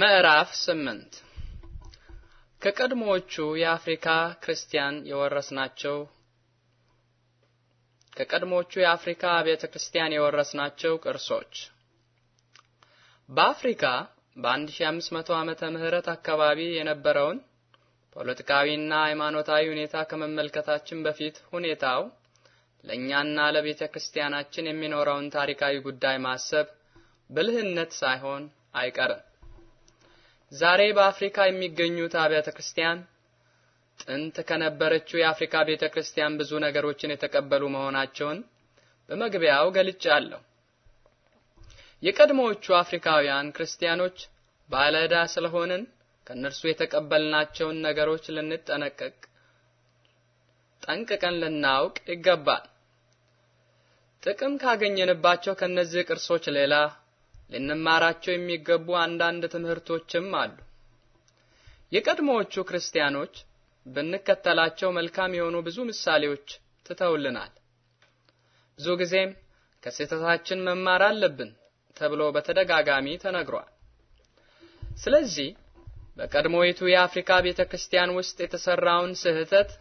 ምዕራፍ ስምንት ከቀድሞዎቹ የአፍሪካ ክርስቲያን የወረስናቸው ከቀድሞዎቹ የአፍሪካ ቤተ ክርስቲያን የወረስናቸው ቅርሶች በአፍሪካ በ1500 ዓመተ ምህረት አካባቢ የነበረውን ፖለቲካዊና ሃይማኖታዊ ሁኔታ ከመመልከታችን በፊት ሁኔታው ለእኛና ለቤተ ክርስቲያናችን የሚኖረውን ታሪካዊ ጉዳይ ማሰብ ብልህነት ሳይሆን አይቀርም። ዛሬ በአፍሪካ የሚገኙት አብያተ ክርስቲያን ጥንት ከነበረችው የአፍሪካ ቤተ ክርስቲያን ብዙ ነገሮችን የተቀበሉ መሆናቸውን በመግቢያው ገልጫለሁ። የቀድሞዎቹ አፍሪካውያን ክርስቲያኖች ባለዳ ስለሆንን ከእነርሱ የተቀበልናቸውን ነገሮች ልንጠነቀቅ ጠንቅቀን ልናውቅ ይገባል። ጥቅም ካገኘንባቸው ከነዚህ ቅርሶች ሌላ ልንማራቸው የሚገቡ አንዳንድ ትምህርቶችም አሉ። የቀድሞዎቹ ክርስቲያኖች ብንከተላቸው መልካም የሆኑ ብዙ ምሳሌዎች ትተውልናል። ብዙ ጊዜም ከስህተታችን መማር አለብን ተብሎ በተደጋጋሚ ተነግሯል። ስለዚህ በቀድሞይቱ የአፍሪካ ቤተ ክርስቲያን ውስጥ የተሰራውን ስህተት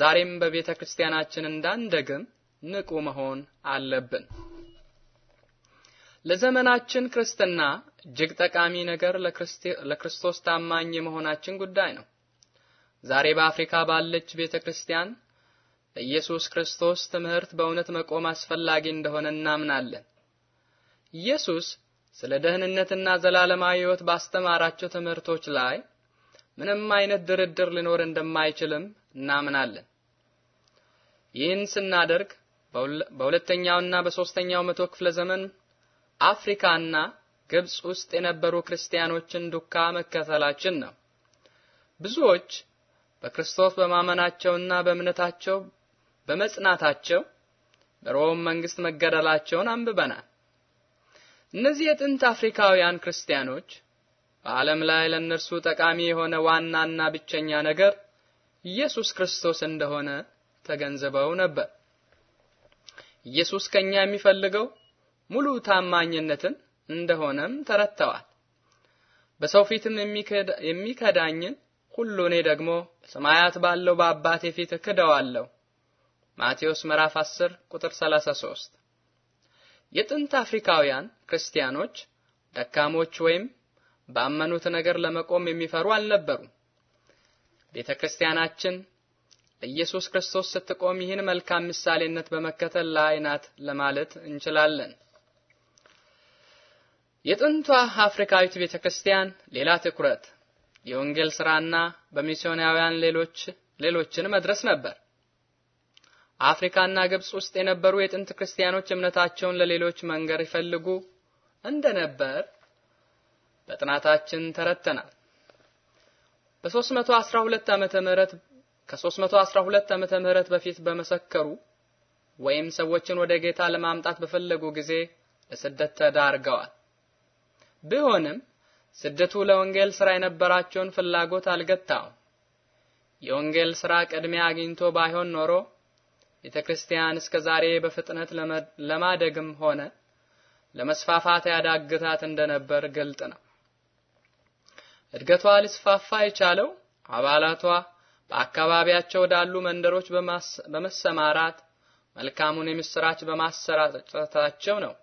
ዛሬም በቤተ ክርስቲያናችን እንዳንደግም ንቁ መሆን አለብን። ለዘመናችን ክርስትና እጅግ ጠቃሚ ነገር ለክርስቶስ ታማኝ የመሆናችን ጉዳይ ነው። ዛሬ በአፍሪካ ባለች ቤተ ክርስቲያን በኢየሱስ ክርስቶስ ትምህርት በእውነት መቆም አስፈላጊ እንደሆነ እናምናለን። ኢየሱስ ስለ ደህንነትና ዘላለማዊ ሕይወት ባስተማራቸው ትምህርቶች ላይ ምንም አይነት ድርድር ሊኖር እንደማይችልም እናምናለን። ይህን ስናደርግ በሁለተኛውና በሶስተኛው መቶ ክፍለ ዘመን አፍሪካና ግብጽ ውስጥ የነበሩ ክርስቲያኖችን ዱካ መከተላችን ነው። ብዙዎች በክርስቶስ በማመናቸውና በእምነታቸው በመጽናታቸው በሮም መንግስት መገደላቸውን አንብበናል። እነዚህ የጥንት አፍሪካውያን ክርስቲያኖች በዓለም ላይ ለእነርሱ ጠቃሚ የሆነ ዋናና ብቸኛ ነገር ኢየሱስ ክርስቶስ እንደሆነ ተገንዝበው ነበር። ኢየሱስ ከኛ የሚፈልገው ሙሉ ታማኝነትን እንደሆነም ተረድተዋል። በሰው ፊትም የሚከዳኝን ሁሉ እኔ ደግሞ ሰማያት ባለው በአባቴ ፊት እክደዋለሁ። ማቴዎስ ምዕራፍ 10 ቁጥር 33። የጥንት አፍሪካውያን ክርስቲያኖች ደካሞች ወይም ባመኑት ነገር ለመቆም የሚፈሩ አልነበሩም። ቤተ ክርስቲያናችን ለኢየሱስ ክርስቶስ ስትቆም ይህን መልካም ምሳሌነት በመከተል ላይ ናት ለማለት እንችላለን። የጥንቷ አፍሪካዊት ቤተ ክርስቲያን ሌላ ትኩረት የወንጌል ስራና በሚስዮናውያን ሌሎች ሌሎችን መድረስ ነበር። አፍሪካና ግብጽ ውስጥ የነበሩ የጥንት ክርስቲያኖች እምነታቸውን ለሌሎች መንገር ይፈልጉ እንደነበር በጥናታችን ተረተናል። በ312 ዓመተ ምህረት ከ312 ዓመተ ምህረት በፊት በመሰከሩ ወይም ሰዎችን ወደ ጌታ ለማምጣት በፈለጉ ጊዜ ለስደት ተዳርገዋል። ቢሆንም ስደቱ ለወንጌል ስራ የነበራቸውን ፍላጎት አልገታውም። የወንጌል ስራ ቅድሚያ አግኝቶ ባይሆን ኖሮ ቤተ ክርስቲያን እስከ ዛሬ በፍጥነት ለማደግም ሆነ ለመስፋፋት ያዳግታት እንደነበር ግልጥ ነው። እድገቷ ሊስፋፋ የቻለው አባላቷ በአካባቢያቸው ወዳሉ መንደሮች በመሰማራት መልካሙን የምስራች በማሰራጨታቸው ነው።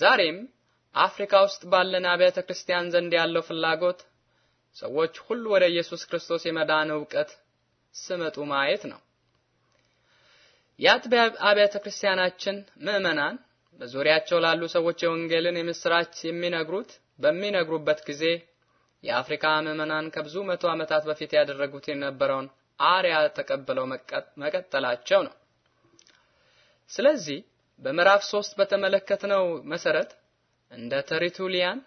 ዛሬም አፍሪካ ውስጥ ባለን አብያተ ክርስቲያን ዘንድ ያለው ፍላጎት ሰዎች ሁሉ ወደ ኢየሱስ ክርስቶስ የመዳን እውቀት ስመጡ ማየት ነው። የአጥቢያ አብያተ ክርስቲያናችን ምእመናን በዙሪያቸው ላሉ ሰዎች የወንጌልን የምስራች የሚነግሩት በሚነግሩበት ጊዜ የአፍሪካ ምዕመናን ከብዙ መቶ ዓመታት በፊት ያደረጉት የነበረውን አርያ ተቀብለው መቀጠላቸው ነው። ስለዚህ በምዕራፍ ሶስት በተመለከትነው መሰረት እንደ ተሪቱሊያን፣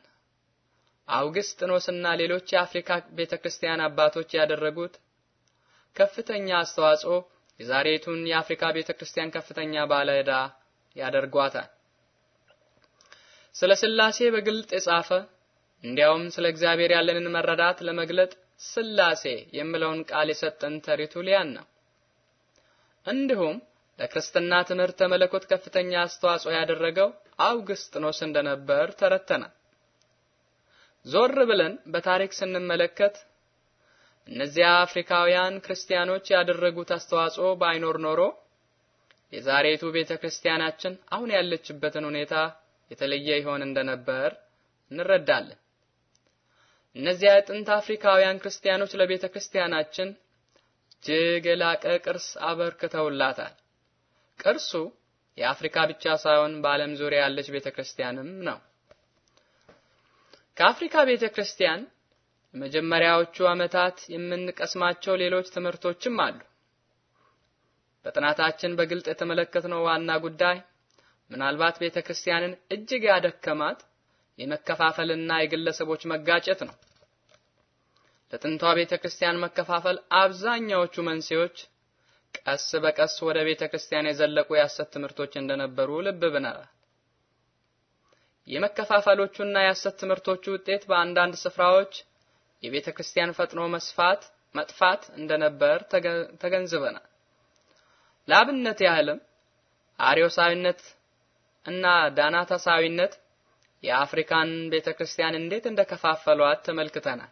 አውግስጥኖስና ሌሎች የአፍሪካ ቤተክርስቲያን አባቶች ያደረጉት ከፍተኛ አስተዋጽኦ የዛሬቱን የአፍሪካ ቤተክርስቲያን ከፍተኛ ባለዕዳ ያደርጓታል። ስለ ስላሴ በግልጥ የጻፈ እንዲያውም ስለ እግዚአብሔር ያለንን መረዳት ለመግለጥ ስላሴ የሚለውን ቃል የሰጠን ተሪቱሊያን ነው። እንዲሁም ለክርስትና ትምህርተ መለኮት ከፍተኛ አስተዋጽኦ ያደረገው አውግስጥኖስ እንደነበር ተረተናል። ዞር ብለን በታሪክ ስንመለከት እነዚያ አፍሪካውያን ክርስቲያኖች ያደረጉት አስተዋጽኦ ባይኖር ኖሮ የዛሬቱ ቤተክርስቲያናችን አሁን ያለችበትን ሁኔታ የተለየ ይሆን እንደነበር እንረዳለን። እነዚያ የጥንት አፍሪካውያን ክርስቲያኖች ለቤተ ክርስቲያናችን እጅግ የላቀ ቅርስ አበርክተውላታል። ቅርሱ የአፍሪካ ብቻ ሳይሆን በዓለም ዙሪያ ያለች ቤተክርስቲያንም ነው። ከአፍሪካ ቤተክርስቲያን መጀመሪያዎቹ ዓመታት የምንቀስማቸው ሌሎች ትምህርቶችም አሉ። በጥናታችን በግልጥ የተመለከትነው ዋና ጉዳይ ምናልባት ቤተክርስቲያንን እጅግ ያደከማት የመከፋፈልና የግለሰቦች መጋጨት ነው። ለጥንቷ ቤተክርስቲያን መከፋፈል አብዛኛዎቹ መንስኤዎች ቀስ በቀስ ወደ ቤተ ክርስቲያን የዘለቁ የሐሰት ትምህርቶች እንደነበሩ ልብ ብለናል። የመከፋፈሎቹና የሐሰት ትምህርቶቹ ውጤት በአንዳንድ ስፍራዎች የቤተ ክርስቲያን ፈጥኖ መስፋት መጥፋት እንደነበር ተገንዝበናል። ለአብነት ያህልም አሪዮሳዊነት እና ዳናታሳዊነት የአፍሪካን ቤተ ክርስቲያን እንዴት እንደከፋፈሏት ተመልክተናል።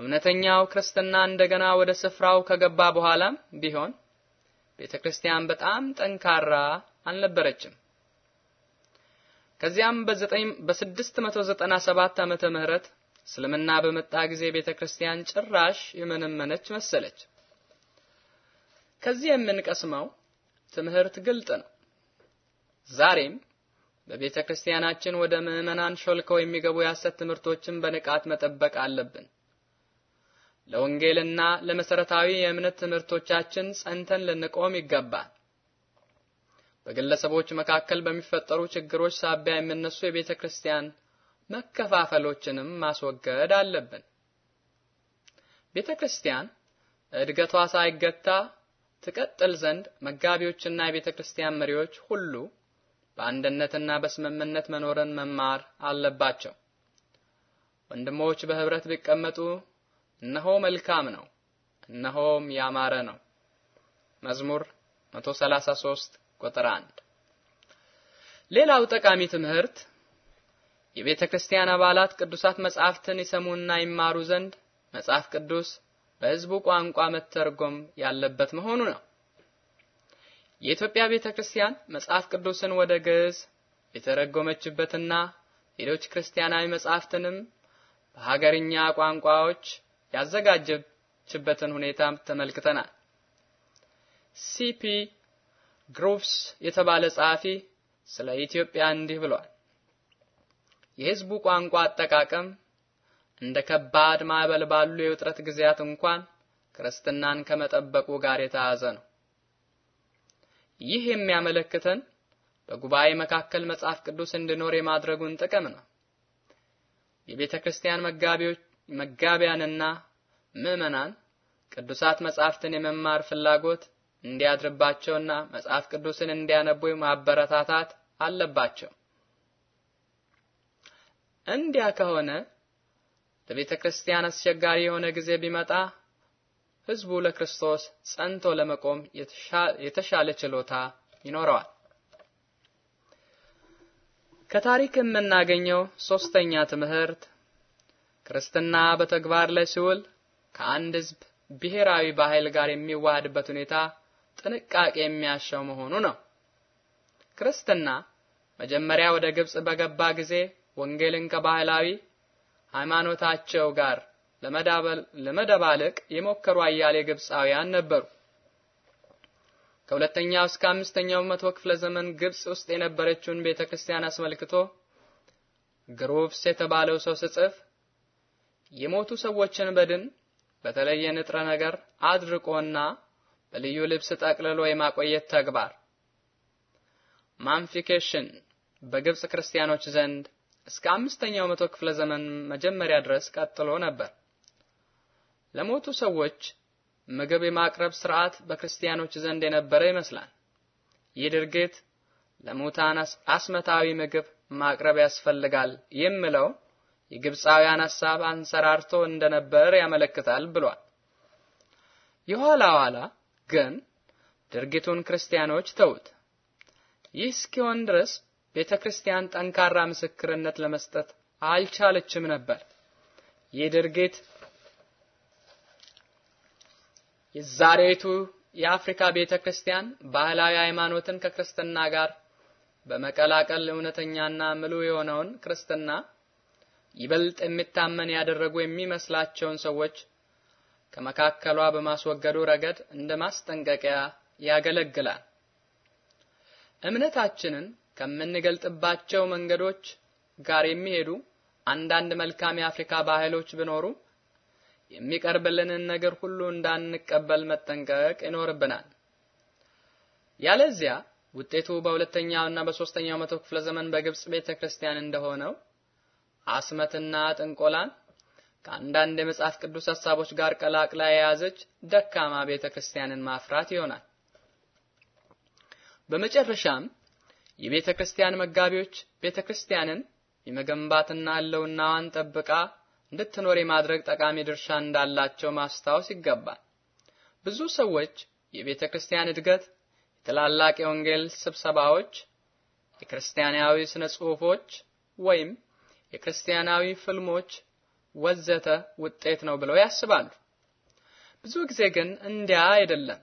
እውነተኛው ክርስትና እንደገና ወደ ስፍራው ከገባ በኋላም ቢሆን ቤተ ክርስቲያን በጣም ጠንካራ አልነበረችም። ከዚያም በ697 ዓመተ ምህረት እስልምና በመጣ ጊዜ ቤተ ክርስቲያን ጭራሽ የመነመነች መሰለች። ከዚህ የምንቀስመው ትምህርት ግልጥ ነው። ዛሬም በቤተ ክርስቲያናችን ወደ ምዕመናን ሾልከው የሚገቡ የሐሰት ትምህርቶችን በንቃት መጠበቅ አለብን። ለወንጌልና ለመሰረታዊ የእምነት ትምህርቶቻችን ጸንተን ልንቆም ይገባል። በግለሰቦች መካከል በሚፈጠሩ ችግሮች ሳቢያ የሚነሱ የቤተ ክርስቲያን መከፋፈሎችንም ማስወገድ አለብን። ቤተ ክርስቲያን እድገቷ ሳይገታ ትቀጥል ዘንድ መጋቢዎችና የቤተ ክርስቲያን መሪዎች ሁሉ በአንድነትና በስምምነት መኖርን መማር አለባቸው። ወንድሞች በህብረት ቢቀመጡ እነሆ መልካም ነው፣ እነሆም ያማረ ነው። መዝሙር 133 ቁጥር 1። ሌላው ጠቃሚ ትምህርት የቤተ ክርስቲያን አባላት ቅዱሳት መጻሕፍትን ይሰሙና ይማሩ ዘንድ መጽሐፍ ቅዱስ በሕዝቡ ቋንቋ መተርጎም ያለበት መሆኑ ነው። የኢትዮጵያ ቤተ ክርስቲያን መጽሐፍ ቅዱስን ወደ ግዕዝ የተረጎመችበትና ሌሎች ክርስቲያናዊ መጻሕፍትንም በሀገርኛ ቋንቋዎች ያዘጋጀችበትን ሁኔታ ተመልክተናል። ሲፒ ግሮቭስ የተባለ ጸሐፊ ስለ ኢትዮጵያ እንዲህ ብሏል። የህዝቡ ቋንቋ አጠቃቀም እንደ ከባድ ማዕበል ባሉ የውጥረት ጊዜያት እንኳን ክርስትናን ከመጠበቁ ጋር የተያዘ ነው። ይህ የሚያመለክተን በጉባኤ መካከል መጽሐፍ ቅዱስ እንዲኖር የማድረጉን ጥቅም ነው። የቤተ ክርስቲያን መጋቢዎች መጋቢያንና ምእመናን ቅዱሳት መጻሕፍትን የመማር ፍላጎት እንዲያድርባቸውና መጽሐፍ ቅዱስን እንዲያነቡ ማበረታታት አለባቸው። እንዲያ ከሆነ ለቤተ ክርስቲያን አስቸጋሪ የሆነ ጊዜ ቢመጣ ሕዝቡ ለክርስቶስ ጸንቶ ለመቆም የተሻለ ችሎታ ይኖረዋል። ከታሪክ የምናገኘው ሶስተኛ ትምህርት ክርስትና በተግባር ላይ ሲውል ከአንድ ህዝብ ብሔራዊ ባህል ጋር የሚዋሃድበት ሁኔታ ጥንቃቄ የሚያሻው መሆኑ ነው። ክርስትና መጀመሪያ ወደ ግብጽ በገባ ጊዜ ወንጌልን ከባህላዊ ሃይማኖታቸው ጋር ለመደባለቅ የሞከሩ አያሌ ግብጻውያን ነበሩ። ከሁለተኛው እስከ አምስተኛው መቶ ክፍለ ዘመን ግብጽ ውስጥ የነበረችውን ቤተክርስቲያን አስመልክቶ ግሩቭስ የተባለው ሰው ስጽፍ የሞቱ ሰዎችን በድን በተለየ ንጥረ ነገር አድርቆና በልዩ ልብስ ጠቅልሎ የማቆየት ተግባር ማምፊኬሽን በግብጽ ክርስቲያኖች ዘንድ እስከ አምስተኛው መቶ ክፍለ ዘመን መጀመሪያ ድረስ ቀጥሎ ነበር። ለሞቱ ሰዎች ምግብ የማቅረብ ስርዓት በክርስቲያኖች ዘንድ የነበረ ይመስላል። ይህ ድርጊት ለሙታን አስመታዊ ምግብ ማቅረብ ያስፈልጋል የሚለው። የግብፃውያን ሐሳብ አንሰራርቶ እንደነበር ያመለክታል ብሏል። የኋላ ኋላ ግን ድርጊቱን ክርስቲያኖች ተውት። ይህ እስኪሆን ድረስ ቤተ ክርስቲያን ጠንካራ ምስክርነት ለመስጠት አልቻለችም ነበር። ይህ ድርጊት የዛሬቱ የአፍሪካ ቤተ ክርስቲያን ባህላዊ ሃይማኖትን ከክርስትና ጋር በመቀላቀል እውነተኛና ምሉ የሆነውን ክርስትና ይበልጥ የሚታመን ያደረጉ የሚመስላቸውን ሰዎች ከመካከሏ በማስወገዱ ረገድ እንደ ማስጠንቀቂያ ያገለግላል። እምነታችንን ከምንገልጥባቸው መንገዶች ጋር የሚሄዱ አንዳንድ መልካም የአፍሪካ ባህሎች ቢኖሩ የሚቀርብልንን ነገር ሁሉ እንዳንቀበል መጠንቀቅ ይኖርብናል። ያለዚያ ውጤቱ በሁለተኛውና በሶስተኛው መቶ ክፍለ ዘመን በግብጽ ቤተ ክርስቲያን እንደሆነው አስመትና ጥንቆላን ከአንዳንድ የመጽሐፍ ቅዱስ ሐሳቦች ጋር ቀላቅላ የያዘች ደካማ ቤተ ክርስቲያንን ማፍራት ይሆናል። በመጨረሻም የቤተ ክርስቲያን መጋቢዎች ቤተ ክርስቲያንን የመገንባትና ህልውናዋን ጠብቃ እንድትኖር የማድረግ ጠቃሚ ድርሻ እንዳላቸው ማስታወስ ይገባል። ብዙ ሰዎች የቤተ ክርስቲያን እድገት፣ የትላላቅ የወንጌል ስብሰባዎች፣ የክርስቲያናዊ ስነ ጽሑፎች ወይም የክርስቲያናዊ ፍልሞች ወዘተ ውጤት ነው ብለው ያስባሉ። ብዙ ጊዜ ግን እንዲያ አይደለም።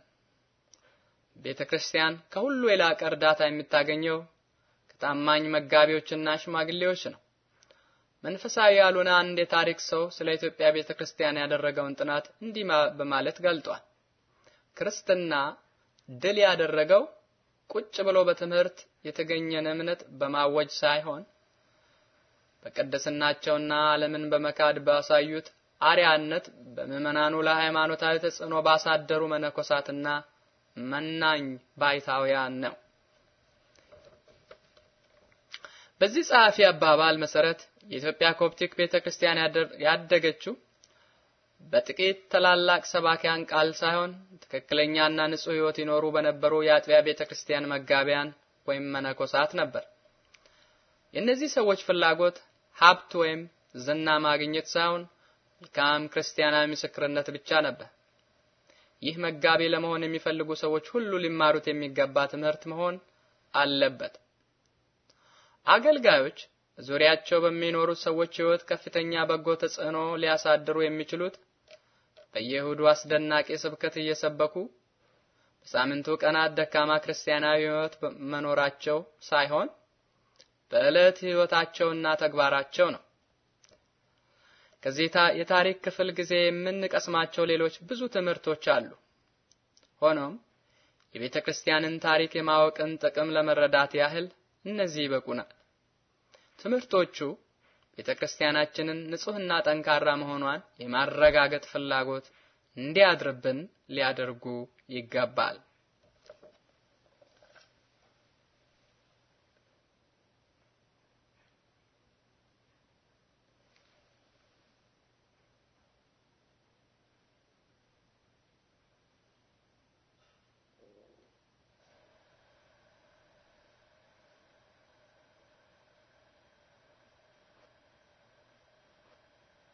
ቤተ ክርስቲያን ከሁሉ የላቀ እርዳታ የምታገኘው ከታማኝ መጋቢዎችና ሽማግሌዎች ነው። መንፈሳዊ ያልሆነ አንድ የታሪክ ሰው ስለ ኢትዮጵያ ቤተ ክርስቲያን ያደረገውን ጥናት እንዲህ በማለት ገልጧል። ክርስትና ድል ያደረገው ቁጭ ብሎ በትምህርት የተገኘን እምነት በማወጅ ሳይሆን በቅድስናቸውና ዓለምን በመካድ ባሳዩት አርያነት በምእመናኑ ለሃይማኖታዊ ተጽዕኖ ባሳደሩ መነኮሳትና መናኝ ባይታውያን ነው። በዚህ ጸሐፊ አባባል መሰረት የኢትዮጵያ ኮፕቲክ ቤተክርስቲያን ያደገችው በጥቂት ታላላቅ ሰባኪያን ቃል ሳይሆን ትክክለኛና ንጹህ ሕይወት ይኖሩ በነበሩ የአጥቢያ ቤተክርስቲያን መጋቢያን ወይም መነኮሳት ነበር። የእነዚህ ሰዎች ፍላጎት ሀብት ወይም ዝና ማግኘት ሳይሆን መልካም ክርስቲያናዊ ምስክርነት ብቻ ነበር። ይህ መጋቢ ለመሆን የሚፈልጉ ሰዎች ሁሉ ሊማሩት የሚገባ ትምህርት መሆን አለበት። አገልጋዮች ዙሪያቸው በሚኖሩት ሰዎች ሕይወት ከፍተኛ በጎ ተጽዕኖ ሊያሳድሩ የሚችሉት በየእሁዱ አስደናቂ ስብከት እየሰበኩ በሳምንቱ ቀናት ደካማ ክርስቲያናዊ ሕይወት መኖራቸው ሳይሆን በዕለት ሕይወታቸውና ተግባራቸው ነው። ከዚህ የታሪክ ክፍል ጊዜ የምንቀስማቸው ሌሎች ብዙ ትምህርቶች አሉ። ሆኖም የቤተ ክርስቲያንን ታሪክ የማወቅን ጥቅም ለመረዳት ያህል እነዚህ ይበቁናል። ትምህርቶቹ ቤተ ክርስቲያናችንን ንጹሕና ጠንካራ መሆኗን የማረጋገጥ ፍላጎት እንዲያድርብን ሊያደርጉ ይገባል።